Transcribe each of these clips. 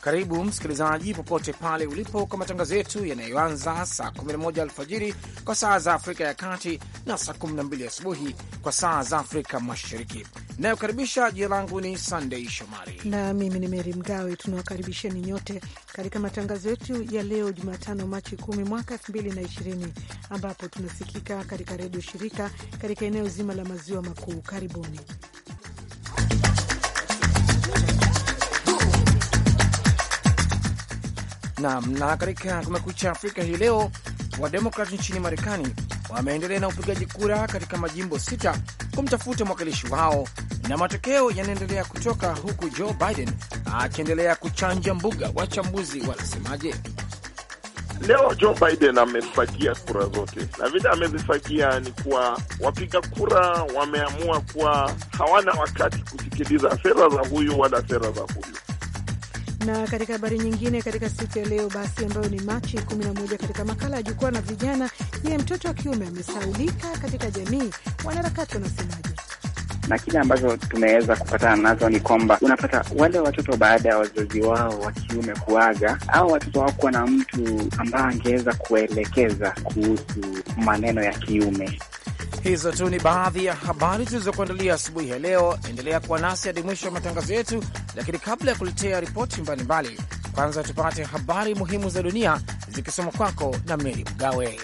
Karibu msikilizaji, popote pale ulipo, kwa matangazo yetu yanayoanza saa 11 alfajiri kwa saa za Afrika ya Kati na saa 12 asubuhi kwa saa za Afrika Mashariki. Inayokaribisha, jina langu ni Sandei Shomari na mimi ni Meri Mgawe. Tunawakaribisheni nyote katika matangazo yetu ya leo Jumatano, Machi 10 mwaka 2020, ambapo tunasikika katika redio shirika katika eneo zima la maziwa makuu. Karibuni Naam, na katika Kumekucha Afrika hii leo, Wademokrat nchini Marekani wameendelea na upigaji kura katika majimbo sita kumtafuta mwakilishi wao, na matokeo yanaendelea kutoka huku Joe Biden akiendelea kuchanja mbuga. Wachambuzi wanasemaje? Leo Joe Biden amezifagia kura zote, na vile amezifagia ni kuwa wapiga kura wameamua kuwa hawana wakati kusikiliza sera za huyu wala sera za huyu na katika habari nyingine katika siku ya leo basi, ambayo ni Machi 11, katika makala ya jukwaa na vijana, je, mtoto wa kiume amesaulika katika jamii? Wanaharakati wanasemaje? na kile ambacho tumeweza kupatana nazo ni kwamba unapata wale watoto baada ya wazazi wao wa kiume kuaga, au watoto hawakuwa na mtu ambaye angeweza kuelekeza kuhusu maneno ya kiume. Hizo tu ni baadhi ya habari tulizokuandalia asubuhi ya leo. Endelea kuwa nasi hadi mwisho wa matangazo yetu, lakini kabla ya kuletea ripoti mbalimbali, kwanza tupate habari muhimu za dunia zikisoma kwako na Meri Mgawe.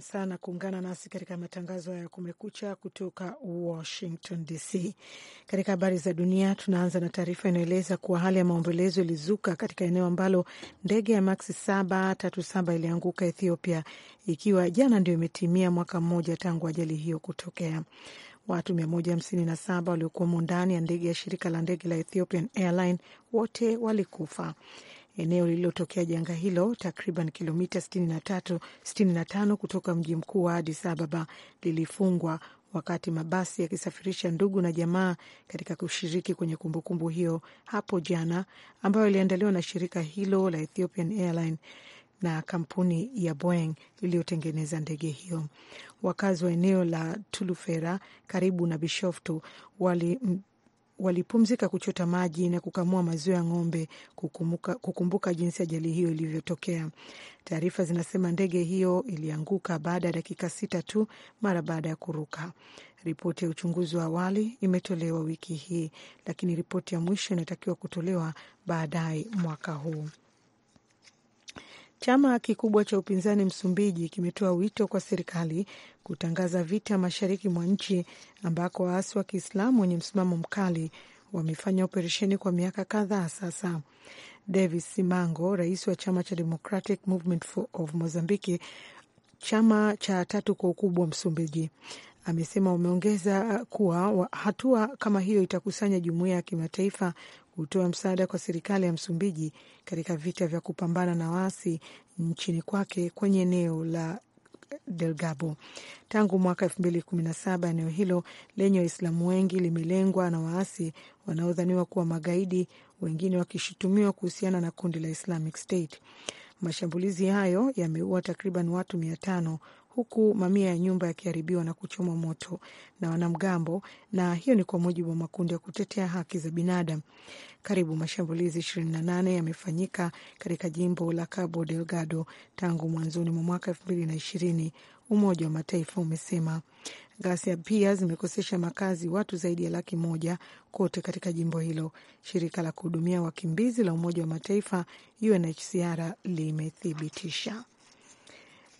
shukran sana kuungana nasi katika matangazo ya Kumekucha kutoka Washington DC. Katika habari za dunia, tunaanza na taarifa inayoeleza kuwa hali ya maombolezo ilizuka katika eneo ambalo ndege ya Maxi 737 ilianguka Ethiopia, ikiwa jana ndio imetimia mwaka mmoja tangu ajali hiyo kutokea. Watu 157 waliokuwamo ndani ya ndege ya shirika la ndege la Ethiopian Airline wote walikufa. Eneo lililotokea janga hilo takriban kilomita 65 kutoka mji mkuu wa Addis Ababa lilifungwa wakati mabasi yakisafirisha ndugu na jamaa katika kushiriki kwenye kumbukumbu -kumbu hiyo hapo jana, ambayo iliandaliwa na shirika hilo la Ethiopian Airline na kampuni ya Boeing iliyotengeneza ndege hiyo. Wakazi wa eneo la Tulufera karibu na Bishoftu wali walipumzika kuchota maji na kukamua maziwa ya ng'ombe kukumbuka, kukumbuka jinsi ajali hiyo ilivyotokea. Taarifa zinasema ndege hiyo ilianguka baada ya dakika sita tu mara baada ya kuruka. Ripoti ya uchunguzi wa awali imetolewa wiki hii, lakini ripoti ya mwisho inatakiwa kutolewa baadaye mwaka huu. Chama kikubwa cha upinzani Msumbiji kimetoa wito kwa serikali kutangaza vita mashariki mwa nchi ambako waasi wa Kiislamu wenye msimamo mkali wamefanya operesheni kwa miaka kadhaa sasa. Davis Simango, rais wa chama cha Democratic Movement of Mozambique, chama cha tatu kwa ukubwa Msumbiji, amesema wameongeza kuwa hatua kama hiyo itakusanya jumuiya ya kimataifa hutoa msaada kwa serikali ya Msumbiji katika vita vya kupambana na waasi nchini kwake kwenye eneo la delgabo Tangu mwaka saba eneo hilo lenye Waislamu wengi limelengwa na waasi wanaodhaniwa kuwa magaidi, wengine wakishutumiwa kuhusiana na kundi la Islamic State. Mashambulizi hayo yameua takriban watu mia tano huku mamia ya nyumba yakiharibiwa na kuchomwa moto na wanamgambo, na hiyo ni kwa mujibu wa makundi ya kutetea haki za binadamu. Karibu mashambulizi 28 yamefanyika katika jimbo la Cabo Delgado tangu mwanzoni mwa mwaka 2020, Umoja wa Mataifa umesema. Ghasia pia zimekosesha makazi watu zaidi ya laki moja kote katika jimbo hilo. Shirika la kuhudumia wakimbizi la Umoja wa Mataifa UNHCR limethibitisha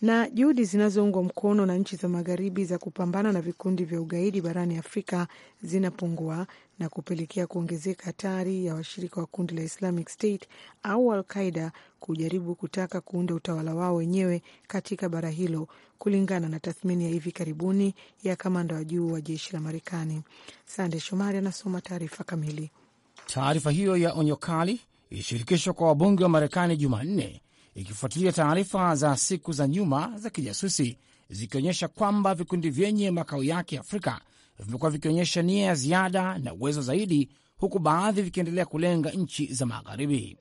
na juhudi zinazoungwa mkono na nchi za magharibi za kupambana na vikundi vya ugaidi barani Afrika zinapungua na kupelekea kuongezeka hatari ya washirika wa kundi la Islamic State au Al Qaida kujaribu kutaka kuunda utawala wao wenyewe katika bara hilo, kulingana na tathmini ya hivi karibuni ya kamanda wa juu wa jeshi la Marekani. Sande Shomari anasoma taarifa kamili. Taarifa hiyo ya onyo kali ilishirikishwa kwa wabunge wa Marekani Jumanne ikifuatilia taarifa za siku za nyuma za kijasusi zikionyesha kwamba vikundi vyenye makao yake Afrika vimekuwa vikionyesha nia ya ziada na uwezo zaidi, huku baadhi vikiendelea kulenga nchi za magharibi.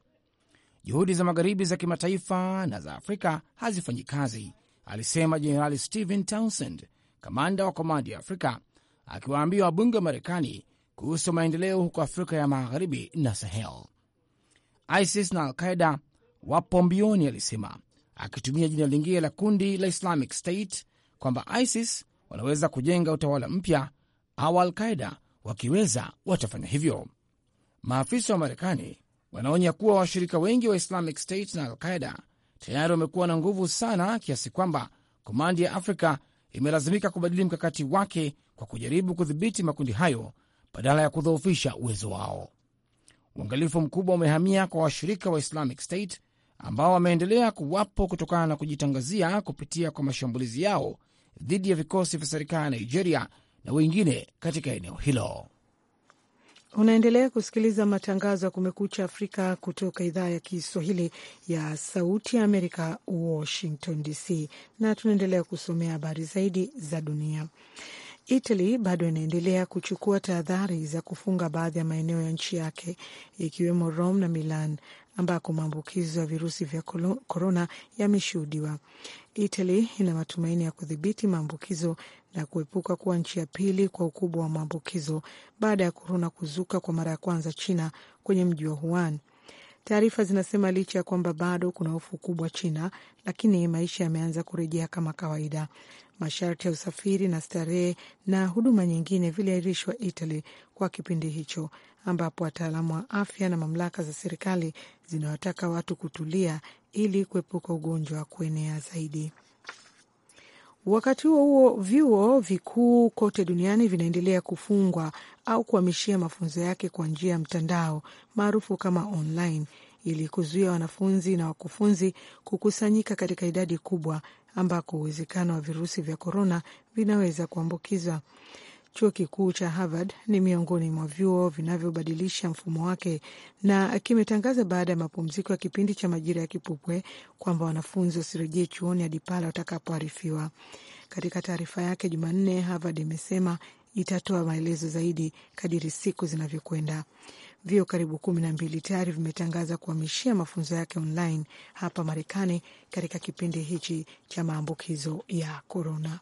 Juhudi za magharibi za kimataifa na za Afrika hazifanyi kazi, alisema Jenerali Stephen Townsend, kamanda wa komandi ya Afrika, akiwaambia wabunge wa Marekani kuhusu maendeleo huko Afrika ya magharibi na Sahel. ISIS na Alqaida wapo mbioni, alisema akitumia jina lingine la kundi la Islamic State kwamba ISIS wanaweza kujenga utawala mpya au Al-Qaida wakiweza watafanya hivyo. Maafisa wa Marekani wanaonya kuwa washirika wengi wa Islamic State na Al-Qaida tayari wamekuwa na nguvu sana kiasi kwamba komandi ya Afrika imelazimika kubadili mkakati wake kwa kujaribu kudhibiti makundi hayo badala ya kudhoofisha uwezo wao. Uangalifu mkubwa umehamia kwa washirika wa Islamic State ambao wameendelea kuwapo kutokana na kujitangazia kupitia kwa mashambulizi yao dhidi ya vikosi vya serikali ya Nigeria na wengine katika eneo hilo. Unaendelea kusikiliza matangazo ya Kumekucha Afrika kutoka idhaa ya Kiswahili ya Sauti ya Amerika, Washington DC, na tunaendelea kusomea habari zaidi za dunia. Italy bado inaendelea kuchukua tahadhari za kufunga baadhi ya maeneo ya nchi yake ikiwemo Rome na Milan ambako maambukizo ya virusi vya korona yameshuhudiwa. Italy ina matumaini ya kudhibiti maambukizo na kuepuka kuwa nchi ya pili kwa ukubwa wa maambukizo baada ya korona kuzuka kwa mara ya kwanza China kwenye mji wa Wuhan. Taarifa zinasema licha ya kwamba bado kuna hofu kubwa China, lakini maisha yameanza kurejea kama kawaida. Masharti ya usafiri na starehe na huduma nyingine viliahirishwa Italy kwa kipindi hicho ambapo wataalamu wa afya na mamlaka za serikali zinawataka watu kutulia ili kuepuka ugonjwa kuenea zaidi. Wakati huo huo, vyuo vikuu kote duniani vinaendelea kufungwa au kuhamishia mafunzo yake kwa njia ya mtandao maarufu kama online, ili kuzuia wanafunzi na wakufunzi kukusanyika katika idadi kubwa ambako uwezekano wa virusi vya korona vinaweza kuambukizwa. Chuo kikuu cha Harvard ni miongoni mwa vyuo vinavyobadilisha mfumo wake na kimetangaza baada ya mapumziko ya kipindi cha majira ya kipupwe kwamba wanafunzi wasirejee chuoni hadi pale watakapoarifiwa. Katika taarifa yake Jumanne, Harvard imesema itatoa maelezo zaidi kadiri siku zinavyokwenda. Vyuo karibu kumi na mbili tayari vimetangaza kuhamishia mafunzo yake online hapa Marekani katika kipindi hichi cha maambukizo ya korona.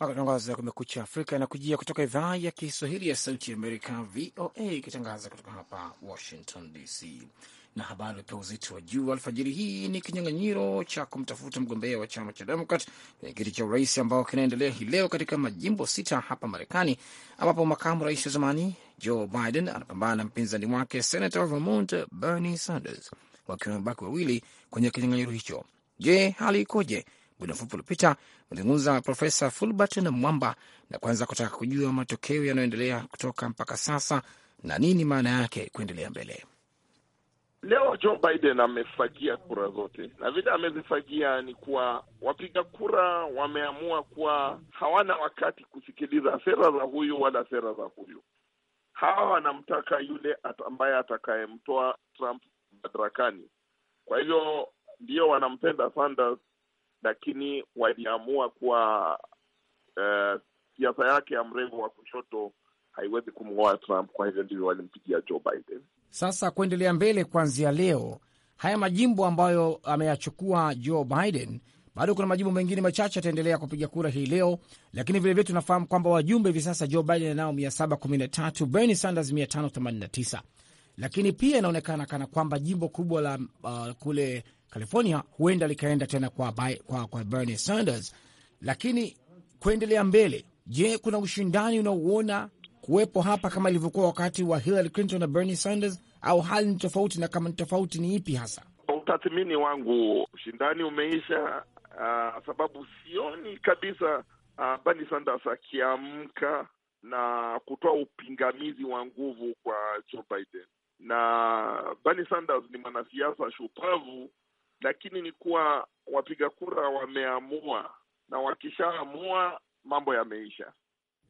Matangazo ya Kumekucha Afrika yanakujia kutoka idhaa ya Kiswahili ya Sauti ya Amerika, VOA, ikitangaza kutoka hapa Washington DC na habari pewa uzito wa juu alfajiri hii ni kinyang'anyiro cha kumtafuta mgombea wa chama cha Demokrat kwenye kiti cha urais ambao kinaendelea hii leo katika majimbo sita hapa Marekani, ambapo makamu rais wa zamani Joe Biden anapambana na mpinzani wake senata wa Vermont Bernie Sanders, wakiwa mabaki wawili kwenye kinyang'anyiro hicho. Je, hali ikoje? Muda mfupi uliopita mezungumza Profesa Fulbert na Mwamba na kwanza kutaka kujua matokeo yanayoendelea kutoka mpaka sasa na nini maana yake kuendelea mbele. Leo Joe Biden amefagia kura zote, na vile amezifagia ni kuwa wapiga kura wameamua kuwa hawana wakati kusikiliza sera za huyu wala sera za huyu. Hawa wanamtaka yule ambaye atakayemtoa Trump madarakani. Kwa hivyo ndio wanampenda Sanders, lakini waliamua kuwa eh, siasa uh, yake ya mrengo wa kushoto haiwezi kumngoa Trump. Kwa hivyo ndivyo walimpigia Joe Biden. Sasa kuendelea mbele, kuanzia leo, haya majimbo ambayo ameyachukua Joe Biden, bado kuna majimbo mengine machache ataendelea kupiga kura hii leo, lakini vilevile tunafahamu kwamba wajumbe hivi sasa Joe Biden anao 713, Bernie Sanders 589, lakini pia inaonekana kana kwamba jimbo kubwa la uh, kule California huenda likaenda tena kwa, kwa, kwa Bernie Sanders. Lakini kuendelea mbele, je, kuna ushindani unaouona kuwepo hapa kama ilivyokuwa wakati wa Hillary Clinton na Bernie Sanders, au hali ni tofauti? Na kama ni tofauti, ni ipi hasa? Utathmini wangu, ushindani umeisha. Uh, sababu sioni kabisa uh, Bernie Sanders akiamka na kutoa upingamizi wa nguvu kwa Joe Biden, na Bernie Sanders ni mwanasiasa shupavu, lakini ni kuwa wapiga kura wameamua, na wakishaamua mambo yameisha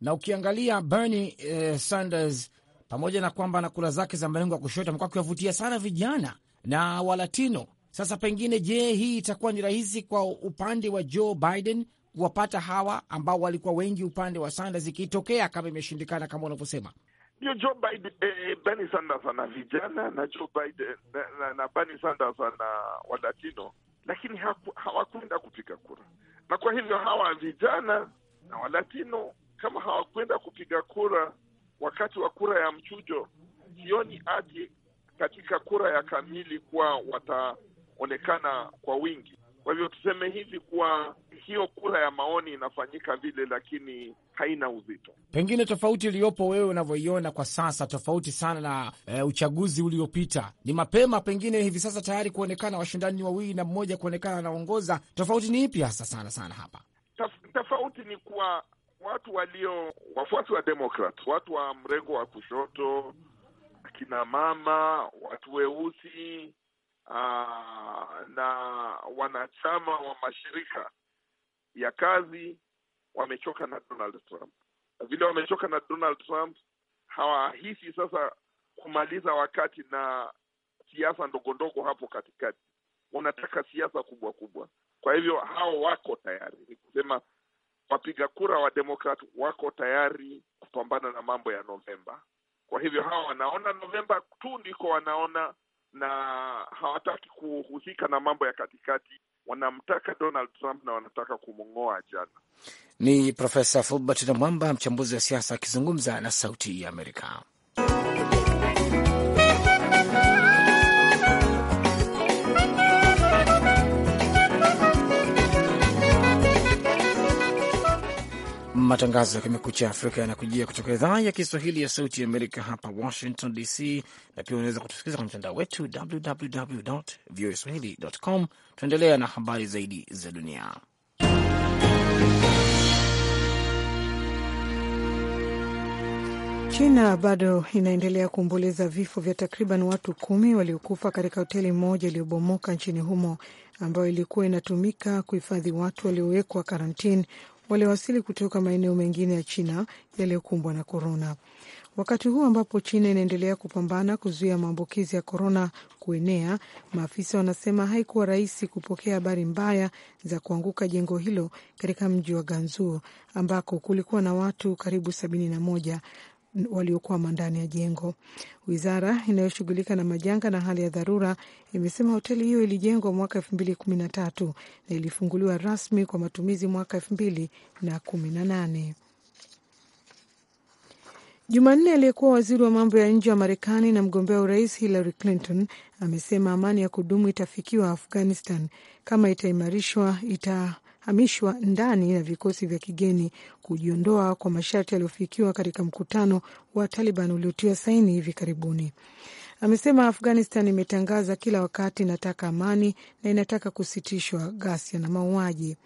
na ukiangalia Bernie eh, Sanders pamoja na kwamba na kura zake za mrengo wa kushoto amekuwa akiwavutia sana vijana na Walatino. Sasa pengine, je, hii itakuwa ni rahisi kwa upande wa Joe Biden kuwapata hawa ambao walikuwa wengi upande wa Sanders ikitokea kama imeshindikana kama unavyosema? Ndio, Joe Biden eh, Bernie Sanders ana vijana na Joe Biden na, na, na Bernie Sanders ana Walatino, lakini hawakwenda kupiga kura, na kwa hivyo hawa vijana na Walatino kama hawakwenda kupiga kura wakati wa kura ya mchujo, sioni aje katika kura ya kamili kuwa wataonekana kwa wingi. Kwa hivyo tuseme hivi kuwa hiyo kura ya maoni inafanyika vile, lakini haina uzito. Pengine tofauti iliyopo wewe unavyoiona kwa sasa, tofauti sana na e, uchaguzi uliopita, ni mapema pengine hivi sasa tayari kuonekana washindani wawili na mmoja kuonekana anaongoza. Tofauti ni ipi hasa sana sana hapa? Taf, tofauti ni kuwa watu walio wafuasi wa Demokrat, watu wa mrengo wa kushoto, akina mama, watu weusi na wanachama wa mashirika ya kazi wamechoka na Donald Trump. Vile wamechoka na Donald Trump, hawahisi sasa kumaliza wakati na siasa ndogo ndogo hapo katikati, wanataka siasa kubwa kubwa. Kwa hivyo hao wako tayari, ni kusema wapiga kura wa Demokrat wako tayari kupambana na mambo ya Novemba. Kwa hivyo hawa wanaona Novemba tu ndiko wanaona, na hawataki kuhusika na mambo ya katikati. Wanamtaka Donald Trump na wanataka kumng'oa jana. Ni Profesa Fulbert Namwamba, mchambuzi wa siasa akizungumza na Sauti ya Amerika. Matangazo ya Kumekucha Afrika yanakujia kutoka idhaa ya Kiswahili ya Sauti Amerika hapa Washington DC, na pia unaweza kutusikiliza kwenye mtandao wetu www voa swahili.com. Tunaendelea na habari zaidi za dunia. China bado inaendelea kuomboleza vifo vya takriban watu kumi waliokufa katika hoteli moja iliyobomoka nchini humo ambayo ilikuwa inatumika kuhifadhi watu waliowekwa karantini waliwasili kutoka maeneo mengine ya China yaliyokumbwa na korona. Wakati huu ambapo China inaendelea kupambana kuzuia maambukizi ya korona kuenea, maafisa wanasema haikuwa rahisi kupokea habari mbaya za kuanguka jengo hilo katika mji wa Ganzuo ambako kulikuwa na watu karibu sabini na moja waliokwama ndani ya jengo. Wizara inayoshughulika na majanga na hali ya dharura imesema hoteli hiyo ilijengwa mwaka elfu mbili kumi na tatu na ilifunguliwa rasmi kwa matumizi mwaka elfu mbili na kumi na nane. Jumanne, aliyekuwa waziri wa mambo ya nje wa Marekani na mgombea urais Hillary Clinton amesema amani ya kudumu itafikiwa Afghanistan kama itaimarishwa ita hamishwa ndani ya vikosi vya kigeni kujiondoa kwa masharti yaliyofikiwa katika mkutano wa Taliban uliotiwa saini hivi karibuni. Amesema Afghanistan imetangaza kila wakati inataka amani na inataka kusitishwa ghasia na mauaji.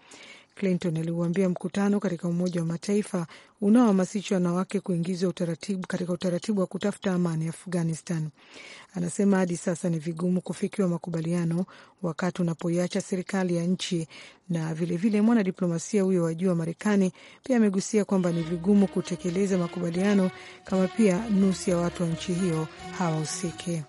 Clinton aliuambia mkutano katika Umoja wa Mataifa unaohamasisha wanawake kuingizwa utaratibu katika utaratibu wa kutafuta amani Afghanistan. Anasema hadi sasa ni vigumu kufikiwa makubaliano wakati unapoiacha serikali ya nchi, na vilevile mwanadiplomasia huyo wa juu wa Marekani pia amegusia kwamba ni vigumu kutekeleza makubaliano kama pia nusu ya watu wa nchi hiyo hawahusiki.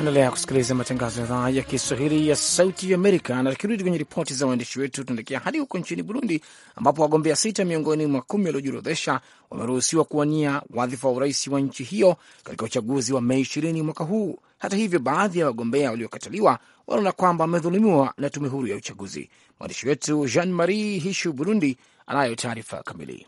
Endelea kusikiliza matangazo ya idhaa ya Kiswahili ya Sauti ya Amerika. Na tukirudi kwenye ripoti za waandishi wetu, tunaelekea hadi huko nchini Burundi ambapo wagombea sita miongoni mwa kumi waliojiorodhesha wameruhusiwa kuwania wadhifa wa urais wa nchi hiyo katika uchaguzi wa Mei ishirini mwaka huu. Hata hivyo, baadhi ya wagombea waliokataliwa wanaona kwamba wamedhulumiwa na tume huru ya uchaguzi. Mwandishi wetu Jean Marie Hishu Burundi anayo taarifa kamili.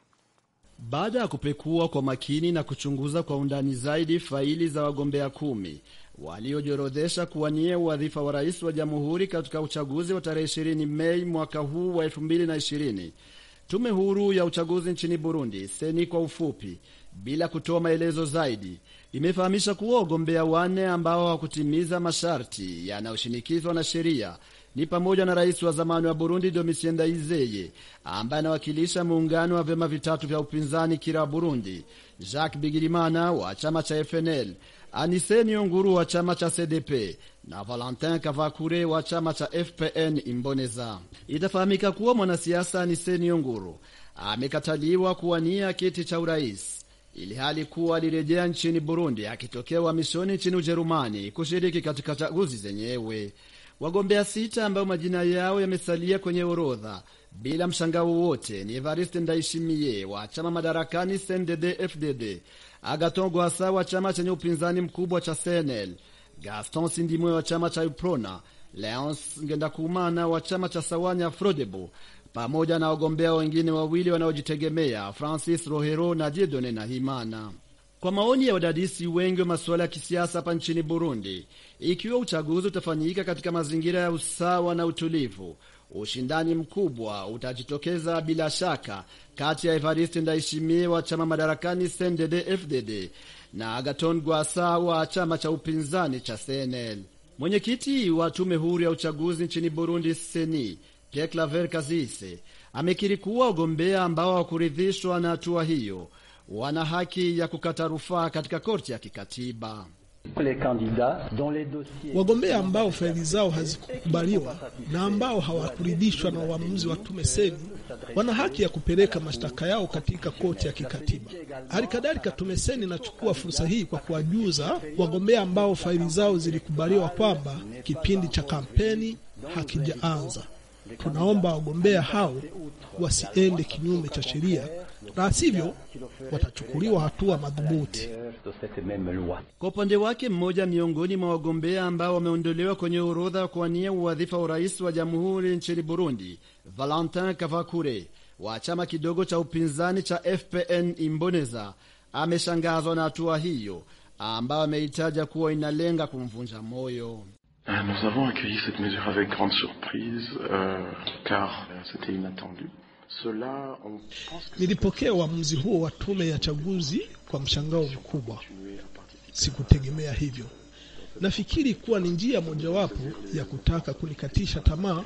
Baada ya kupekua kwa makini na kuchunguza kwa undani zaidi faili za wagombea kumi waliojiorodhesha kuwania wadhifa wa rais wa jamhuri katika uchaguzi wa tarehe 20 Mei mwaka huu wa 2020, tume huru ya uchaguzi nchini Burundi, seni kwa ufupi, bila kutoa maelezo zaidi, imefahamisha kuwa wagombea wane ambao hawakutimiza masharti yanayoshinikizwa na sheria ni pamoja na rais wa zamani wa Burundi Domitien Ndayizeye ambaye anawakilisha muungano wa vyama vitatu vya upinzani Kira wa Burundi, Jacques Bigirimana wa chama cha FNL, anise Nguru wa chama cha CDP na Valentin Kavakure wa chama cha FPN Imboneza. Itafahamika kuwa mwanasiasa anise Nguru amekataliwa kuwania kiti cha urais ili hali kuwa alirejea nchini Burundi akitokea uhamishoni nchini Ujerumani kushiriki katika chaguzi zenyewe. Wagombea sita ambao majina yao yamesalia kwenye orodha bila mshangao wowote ni Evariste Ndayishimiye wa chama madarakani CNDD-FDD, Agaton Rwasa wa chama chenye upinzani mkubwa cha CNL, Gaston Sindimwe wa chama cha UPRONA, Leonce Ngendakumana wa chama cha Sawanya frodebo pamoja na wagombea wengine wawili wanaojitegemea Francis Rohero na Jedone Nahimana. Kwa maoni ya wadadisi wengi wa masuala ya kisiasa hapa nchini Burundi, ikiwa uchaguzi utafanyika katika mazingira ya usawa na utulivu. Ushindani mkubwa utajitokeza bila shaka kati ya Evariste Ndayishimiye wa chama madarakani CNDD FDD na Agaton Gwasa wa chama cha upinzani cha CNL. Mwenyekiti wa tume huru ya uchaguzi nchini Burundi seni Pierre Claver Kazise amekiri kuwa wagombea ambao hawakuridhishwa na hatua hiyo wana haki ya kukata rufaa katika korti ya kikatiba. Wagombea ambao faili zao hazikukubaliwa na ambao hawakuridhishwa na uamuzi wa tume Seni wana haki ya kupeleka mashtaka yao katika koti ya kikatiba. Hali kadhalika, tume seni inachukua fursa hii kwa kuwajuza wagombea ambao faili zao zilikubaliwa kwamba kipindi cha kampeni hakijaanza. Tunaomba wagombea hao wasiende kinyume cha sheria la sivyo watachukuliwa hatua madhubuti. Kwa upande wake, mmoja miongoni mwa wagombea ambao wameondolewa kwenye orodha ya kuwania uwadhifa wa urais wa jamhuri nchini Burundi, Valentin Kavakure wa chama kidogo cha upinzani cha FPN Imboneza ameshangazwa na hatua hiyo ambayo ameitaja kuwa inalenga kumvunja moyo. Ah, nous avons accueilli cette mesure avec grande surprise, euh, car euh, c'était inattendu. Nilipokea uamuzi huo wa tume ya chaguzi kwa mshangao mkubwa. Sikutegemea hivyo. Nafikiri kuwa ni njia mojawapo ya kutaka kunikatisha tamaa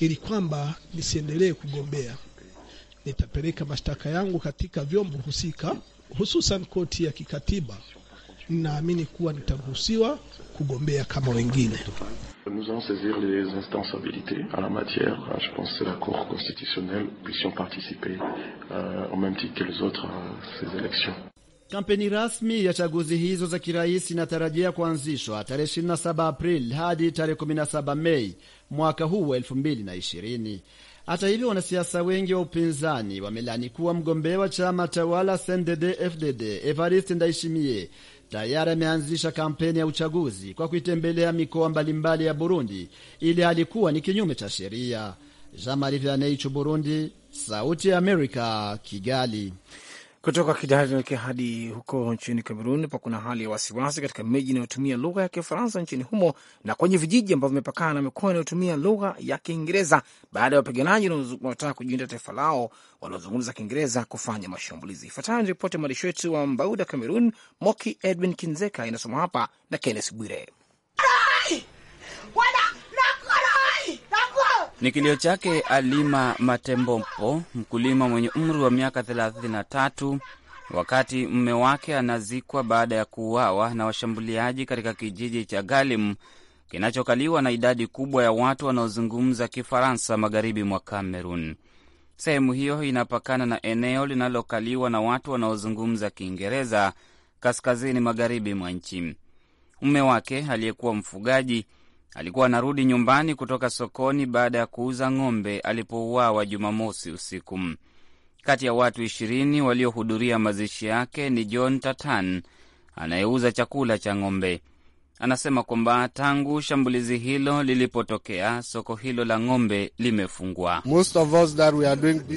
ili kwamba nisiendelee kugombea. Nitapeleka mashtaka yangu katika vyombo husika, hususan koti ya kikatiba. Ninaamini kuwa nitaruhusiwa kugombea kama wengine. Nous allons saisir les instances habilitées en la matière. Je pense que la Cour constitutionnelle puissions participer euh, au même titre que les autres à euh, ces élections. Kampeni rasmi ya chaguzi hizo za kirais inatarajia kuanzishwa tarehe 27 Aprili hadi tarehe 17 Mei mwaka huu wa 2020. Hata hivyo, wanasiasa wengi wa upinzani wamelani kuwa mgombea wa chama tawala CNDD-FDD Evariste Ndayishimiye tayari ameanzisha kampeni ya uchaguzi kwa kuitembelea mikoa mbalimbali ya Burundi ili alikuwa ni kinyume cha sheria. Jean Marie Vianney, Burundi, Sauti ya Amerika, Kigali. Kutoka Kidal hadi huko nchini Kamerun, pa kuna hali ya wasiwasi katika miji inayotumia lugha ya Kifaransa nchini humo na kwenye vijiji ambavyo vimepakana na mikoa inayotumia lugha ya Kiingereza baada ya wapiganaji wanaotaka kujiunda taifa lao wanaozungumza Kiingereza kufanya mashambulizi. Ifuatayo ni ripoti ya mwandishi wetu wa Mbauda, Kamerun, Moki Edwin Kinzeka, inasoma hapa na Kennes Bwire. Ni kilio chake Alima Matembompo, mkulima mwenye umri wa miaka 33, wakati mume wake anazikwa baada ya kuuawa na washambuliaji katika kijiji cha Galim kinachokaliwa na idadi kubwa ya watu wanaozungumza Kifaransa magharibi mwa Kamerun. Sehemu hiyo inapakana na eneo linalokaliwa na watu wanaozungumza Kiingereza kaskazini magharibi mwa nchi. Mume wake aliyekuwa mfugaji Alikuwa anarudi nyumbani kutoka sokoni baada ya kuuza ng'ombe alipouawa Jumamosi usiku. Kati ya watu ishirini waliohudhuria mazishi yake ni John Tatan anayeuza chakula cha ng'ombe anasema kwamba tangu shambulizi hilo lilipotokea soko hilo la ng'ombe limefungwa.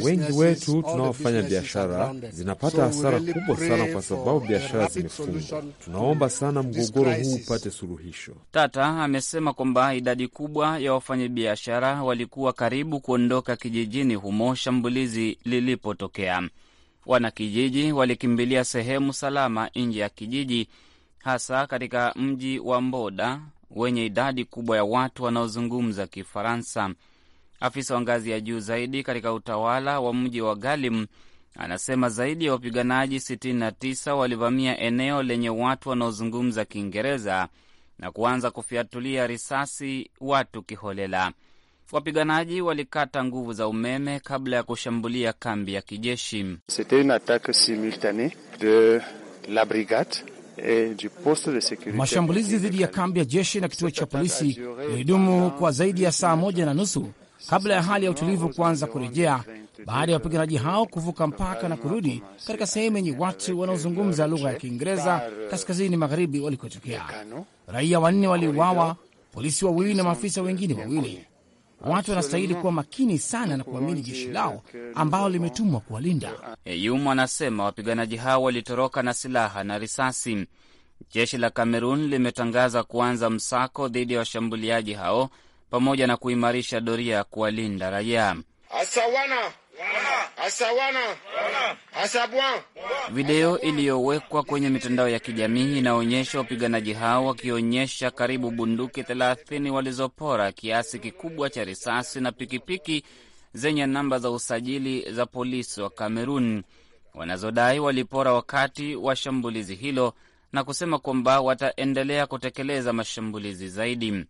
Wengi wetu tunaofanya biashara zinapata hasara kubwa sana kwa sababu biashara zimefungwa. Tunaomba sana mgogoro huu upate suluhisho. Tata amesema kwamba idadi kubwa ya wafanyabiashara walikuwa karibu kuondoka kijijini humo shambulizi lilipotokea. Wanakijiji walikimbilia sehemu salama nje ya kijiji hasa katika mji wa Mboda wenye idadi kubwa ya watu wanaozungumza Kifaransa. Afisa wa ngazi ya juu zaidi katika utawala wa mji wa Galim anasema zaidi ya wapiganaji 69 walivamia eneo lenye watu wanaozungumza Kiingereza na kuanza kufyatulia risasi watu kiholela. Wapiganaji walikata nguvu za umeme kabla ya kushambulia kambi ya kijeshi. C'était une attaque simultanee de la brigade E, mashambulizi dhidi ya kambi ya jeshi na kituo cha polisi yalidumu kwa zaidi ya saa moja na nusu kabla ya hali ya utulivu kuanza kurejea baada ya wapiganaji hao kuvuka mpaka na kurudi katika sehemu yenye watu wanaozungumza lugha ya Kiingereza kaskazini magharibi walikotokea. Raia wanne waliuawa, polisi wawili na maafisa wengine wawili. Watu wanastahili kuwa makini sana na kuamini jeshi lao ambalo limetumwa kuwalinda. Eyum anasema wapiganaji hao walitoroka na silaha na risasi. Jeshi la Kamerun limetangaza kuanza msako dhidi ya washambuliaji hao pamoja na kuimarisha doria kuwalinda raia Asawana. Video iliyowekwa kwenye mitandao ya kijamii inaonyesha wapiganaji hao wakionyesha karibu bunduki 30 walizopora, kiasi kikubwa cha risasi na pikipiki zenye namba za usajili za polisi wa Kamerun wanazodai walipora wakati wa shambulizi hilo na kusema kwamba wataendelea kutekeleza mashambulizi zaidi.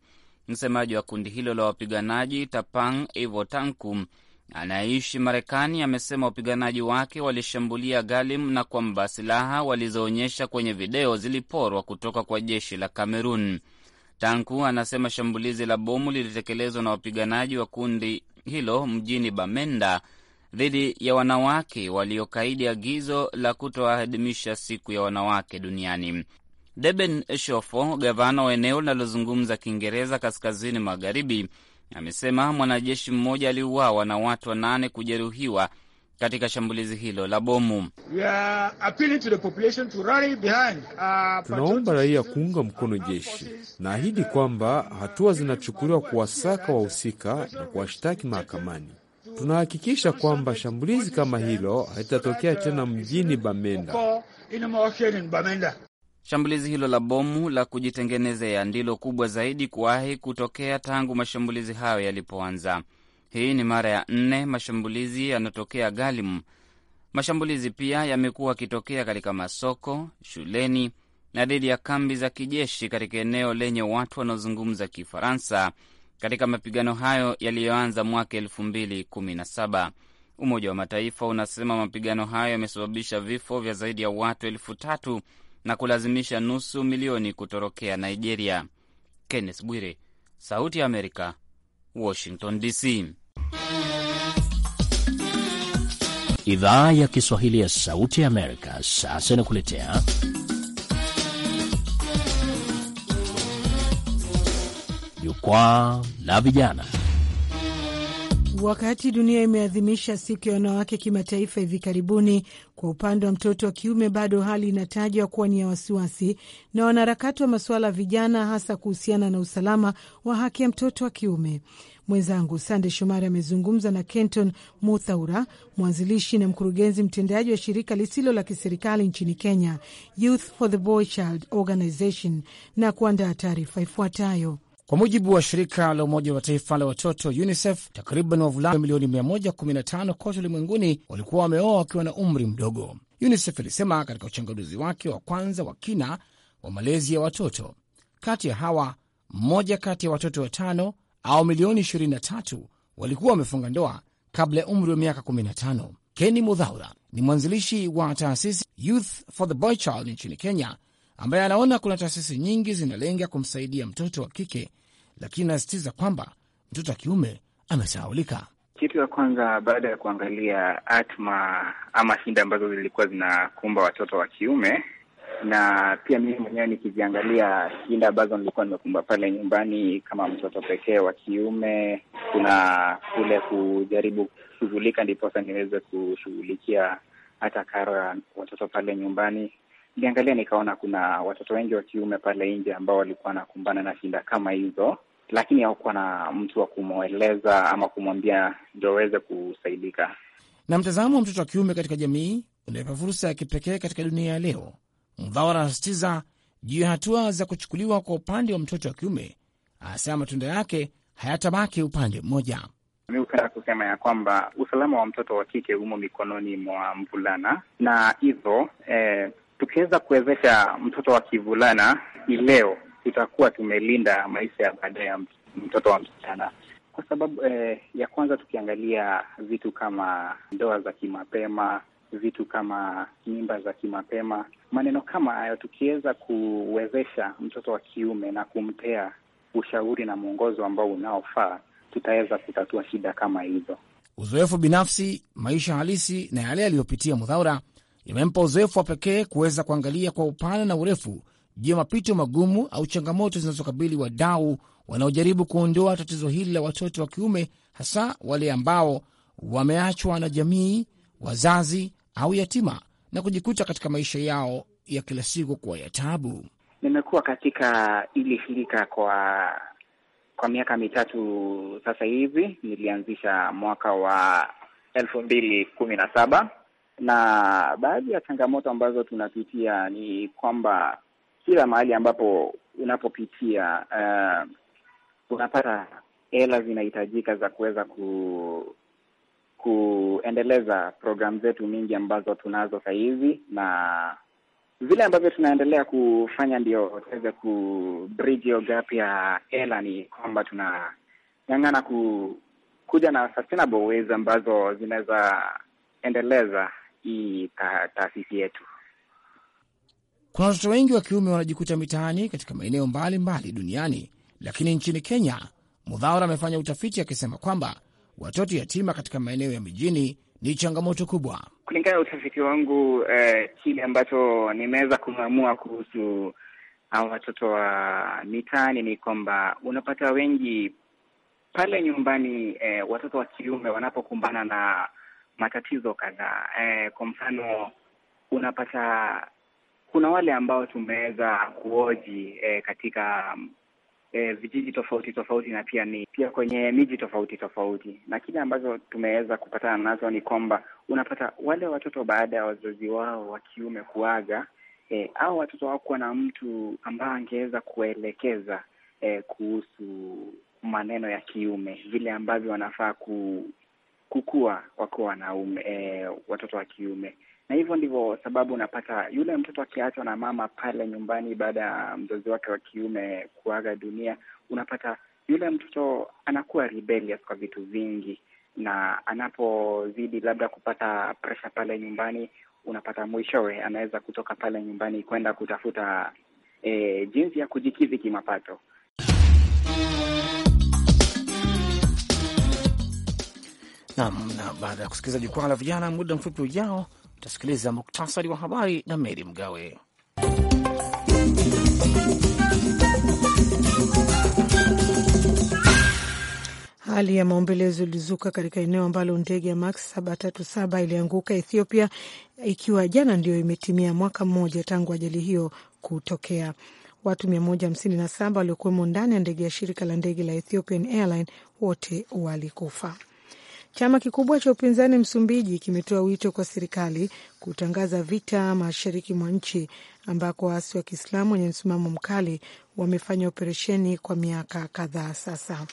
Msemaji wa kundi hilo la wapiganaji Tapang Ivotankum anayeishi Marekani amesema wapiganaji wake walishambulia Galim na kwamba silaha walizoonyesha kwenye video ziliporwa kutoka kwa jeshi la Kamerun. Tanku anasema shambulizi la bomu lilitekelezwa na wapiganaji wa kundi hilo mjini Bamenda dhidi ya wanawake waliokaidi agizo la kutoadhimisha siku ya wanawake duniani. Deben Shofo, gavana wa eneo linalozungumza Kiingereza kaskazini magharibi amesema mwanajeshi mmoja aliuawa na watu wanane kujeruhiwa katika shambulizi hilo la bomu. Uh, Tunaomba raia kuunga mkono jeshi. Naahidi kwamba hatua zinachukuliwa kuwasaka wahusika na kuwashtaki mahakamani. Tunahakikisha kwamba shambulizi kama hilo halitatokea tena mjini Bamenda. Shambulizi hilo la bomu la kujitengenezea ndilo kubwa zaidi kuwahi kutokea tangu mashambulizi hayo yalipoanza. Hii ni mara ya nne mashambulizi yanatokea Galim. Mashambulizi pia yamekuwa yakitokea katika masoko, shuleni na dhidi ya kambi za kijeshi katika eneo lenye watu wanaozungumza Kifaransa katika mapigano hayo yaliyoanza mwaka elfu mbili kumi na saba. Umoja wa Mataifa unasema mapigano hayo yamesababisha vifo vya zaidi ya watu elfu tatu na kulazimisha nusu milioni kutorokea Nigeria. Kenneth Bwire, Sauti ya Amerika, Washington DC. Idhaa ya Kiswahili ya Sauti ya Amerika sasa inakuletea Jukwaa la Vijana. Wakati dunia imeadhimisha siku ya wanawake kimataifa hivi karibuni, kwa upande wa mtoto wa kiume bado hali inatajwa kuwa ni ya wasiwasi na wanaharakati wa masuala ya vijana, hasa kuhusiana na usalama wa haki ya mtoto wa kiume. Mwenzangu Sande Shomari amezungumza na Kenton Muthaura, mwanzilishi na mkurugenzi mtendaji wa shirika lisilo la kiserikali nchini Kenya, Youth for the Boy Child Organization, na kuandaa taarifa ifuatayo. Kwa mujibu wa shirika la Umoja wa Mataifa la watoto UNICEF, takriban wavulana milioni 115 kote ulimwenguni walikuwa wameoa wakiwa na umri mdogo. UNICEF ilisema katika uchanganuzi wake wa kwanza wa kina wa malezi ya watoto. Kati ya hawa, mmoja kati ya watoto watano au milioni 23 walikuwa wamefunga ndoa kabla ya umri wa miaka 15. Keni Mudhaura ni mwanzilishi wa taasisi Youth for the Boy Child nchini Kenya ambaye anaona kuna taasisi nyingi zinalenga kumsaidia mtoto wa kike, lakini anasisitiza kwamba mtoto wa kiume amesahaulika. Kitu ya kwanza baada ya kuangalia atma ama shinda ambazo zilikuwa zinakumba watoto wa kiume, na pia mimi mwenyewe nikiziangalia shinda ambazo nilikuwa nimekumba pale nyumbani kama mtoto pekee wa kiume, kuna kule kujaribu kushughulika, ndiposa niweze kushughulikia hata karo ya watoto pale nyumbani niliangalia nikaona kuna watoto wengi wa kiume pale nje ambao walikuwa wanakumbana na shinda kama hizo, lakini hawakuwa na mtu wa kumweleza ama kumwambia ndio aweze kusaidika. Na mtazamo wa mtoto wa kiume katika jamii unaipa fursa ya kipekee katika dunia ya leo. Mdhawara anasisitiza juu ya hatua za kuchukuliwa kwa upande wa mtoto wa kiume, anasema matunda yake hayatabaki upande mmoja. Mi hupenda kusema ya kwamba usalama wa mtoto wa kike umo mikononi mwa mvulana, na hivyo eh, tukiweza kuwezesha mtoto wa kivulana hii leo, tutakuwa tumelinda maisha ya baadaye ya mtoto wa msichana, kwa sababu eh, ya kwanza, tukiangalia vitu kama ndoa za kimapema, vitu kama mimba za kimapema, maneno kama hayo, tukiweza kuwezesha mtoto wa kiume na kumpea ushauri na mwongozo ambao unaofaa, tutaweza kutatua shida kama hizo. Uzoefu binafsi, maisha halisi na yale yaliyopitia Mudhaura imempa uzoefu wa pekee kuweza kuangalia kwa upana na urefu juu ya mapito magumu au changamoto zinazokabili wadau wanaojaribu kuondoa tatizo hili la watoto wa kiume, hasa wale ambao wameachwa na jamii, wazazi au yatima, na kujikuta katika maisha yao ya kila siku kuwa ya tabu. Nimekuwa katika ili shirika kwa kwa miaka mitatu sasa hivi. Nilianzisha mwaka wa elfu mbili kumi na saba na baadhi ya changamoto ambazo tunapitia ni kwamba kila mahali ambapo unapopitia uh, unapata hela zinahitajika za kuweza ku kuendeleza programu zetu mingi ambazo tunazo saa hizi, na vile ambavyo tunaendelea kufanya ndio tuweze ku bridge hiyo gap ya hela ni kwamba tunang'ang'ana ku kuja na sustainable ways ambazo zinaweza endeleza hii taasisi yetu. Kuna watoto wengi wa kiume wanajikuta mitaani katika maeneo mbalimbali duniani, lakini nchini Kenya, Mudhaura amefanya utafiti akisema kwamba watoto yatima katika maeneo ya mijini ni changamoto kubwa. Kulingana na utafiti wangu, eh, kile ambacho nimeweza kumwamua kuhusu hao watoto wa mitaani ni kwamba unapata wengi pale nyumbani, eh, watoto wa kiume wanapokumbana na matatizo kadhaa. E, kwa mfano unapata kuna wale ambao tumeweza kuoji e, eh, katika e, vijiji tofauti tofauti na pia ni pia kwenye miji tofauti tofauti, na kile ambacho tumeweza kupatana nazo ni kwamba unapata wale watoto baada ya wazazi wao wa kiume kuaga e, au watoto hawakuwa na mtu ambaye angeweza kuelekeza e, kuhusu maneno ya kiume, vile ambavyo wanafaa ku, kukua wako wanaume e, watoto wa kiume, na hivyo ndivyo sababu unapata yule mtoto akiachwa na mama pale nyumbani baada ya mzazi wake wa kiume kuaga dunia, unapata yule mtoto anakuwa rebellious kwa vitu vingi, na anapozidi labda kupata presha pale nyumbani, unapata mwishowe anaweza kutoka pale nyumbani kwenda kutafuta e, jinsi ya kujikidhi kimapato. Nam, na baada ya kusikiliza jukwaa la vijana, muda mfupi ujao utasikiliza muktasari wa habari na Meri Mgawe. Hali ya maombelezo ilizuka katika eneo ambalo ndege ya Max 737 ilianguka Ethiopia, ikiwa jana ndiyo imetimia mwaka mmoja tangu ajali hiyo kutokea. Watu 157 waliokuwemo ndani ya ndege ya shirika la ndege la Ethiopian Airline wote walikufa. Chama kikubwa cha upinzani Msumbiji kimetoa wito kwa serikali kutangaza vita mashariki mwa nchi ambako waasi wa Kiislamu wenye msimamo mkali wamefanya operesheni kwa miaka kadhaa sasa.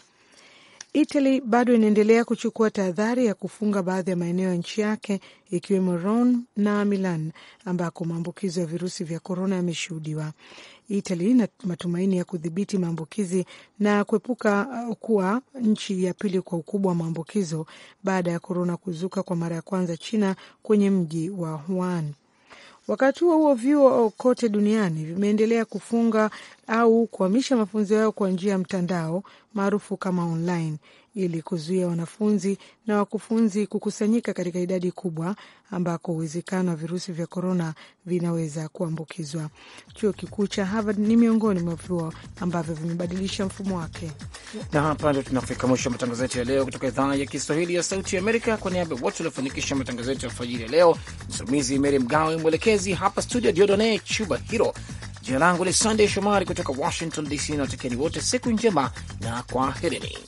Italy bado inaendelea kuchukua tahadhari ya kufunga baadhi ya maeneo ya nchi yake ikiwemo Rome na Milan ambako maambukizo ya virusi vya korona yameshuhudiwa. Italy ina matumaini ya kudhibiti maambukizi na kuepuka uh, kuwa nchi ya pili kwa ukubwa wa maambukizo baada ya korona kuzuka kwa mara ya kwanza China kwenye mji wa Wuhan. Wakati huo huo, vyuo kote duniani vimeendelea kufunga au kuhamisha mafunzo yao kwa njia ya mtandao maarufu kama online, ili kuzuia wanafunzi na wakufunzi kukusanyika katika idadi kubwa ambako uwezekano wa virusi vya korona vinaweza kuambukizwa. Chuo kikuu cha Harvard ni miongoni mwa vyuo ambavyo vimebadilisha mfumo wake. Na hapa ndio tunafika mwisho wa matangazo yetu ya leo kutoka idhaa ya Kiswahili ya Sauti ya Amerika. Kwa niaba ya wote waliofanikisha matangazo yetu ya alfajiri ya leo, msimamizi Meri Mgawe, mwelekezi hapa studio Diodone Chuba Hiro. Jina langu ni Sandey Shomari kutoka Washington DC, na watakieni wote siku njema na kwaherini.